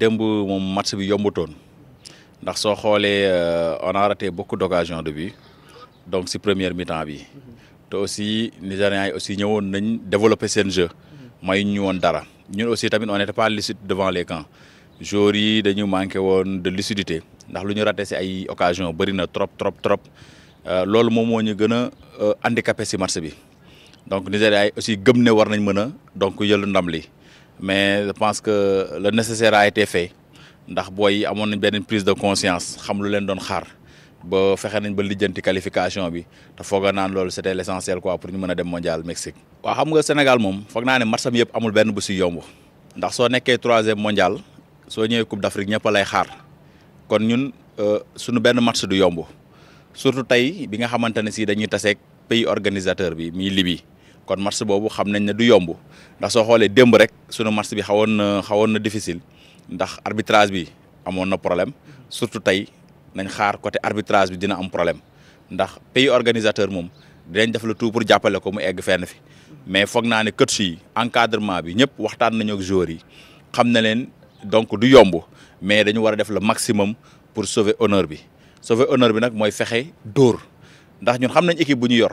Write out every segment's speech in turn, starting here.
démb mom match bi yombutoon ndax so xolé euh, on a raté beaucoup d'occasions de but donc si première mi-temps bi to aussi Nigérians aussi ñewon nañ développer sen jeu may ñu woon dara ñun aussi tamit on n'était pas lucide devant les camps jour yi dañu manqué won de lucidité ndax lu ñu raté si ay occasions bari na trop trop trop euh, loolu moom moo ñu gëna a euh, handicapé si match bi donc Nigérians aussi gëm né war nañ mëna a donc yëlu ndam li mais je pense que le nécessaire a été fait ndax boy yi amoon nañ benn prise de conscience xam lu len doon xaar ba fexé nañ ba lijjanti qualification bi ta foga nan loolu c'était l'essentiel quoi pour ñu mën dem mondial Mexique. Wa xam nga Sénégal mom foog naa ne marsam yépp amul benn bu si yomb ndax so soo 3e mondial so ñëwee coupe d'Afrique ñëpp lay xaar kon ñun euh suñu benn match du yomb surtout tay bi nga xamante si dañuy tassé pays organisateur bi mi Libye. kon match boobu xam nañ ne du yomb ndax soo xoolee démb rek sunu match bi xawoon na xawoon na difficile ndax arbitrage bi amoon na problème surtout tey nañ xaar côté arbitrage bi dina am problème ndax pays organisateur moom dañ def le tout pour jàppale ko mu egg fenn fi mais foog naa ne coach yi encadrement bi ñëpp waxtaan nañu ak joueurs yi xam na leen donc du yomb mais dañu war a def le maximum pour sauver honneur bi sauver honneur bi nag mooy fexe dóor ndax ñun xam nañ équipe bu ñu yor.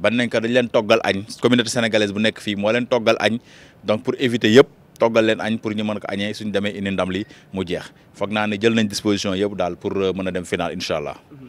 ban nañ ko dañ leen toggal añ communauté sénégalaise bu nekk fii moo leen toggal añ donc pour éviter yëpp toggal leen añ pour ñu mën ko añee suñ demee indi ndam li mu jeex foog naa ne jël nañ disposition yëpp daal pour euh, mën a dem final incha allah.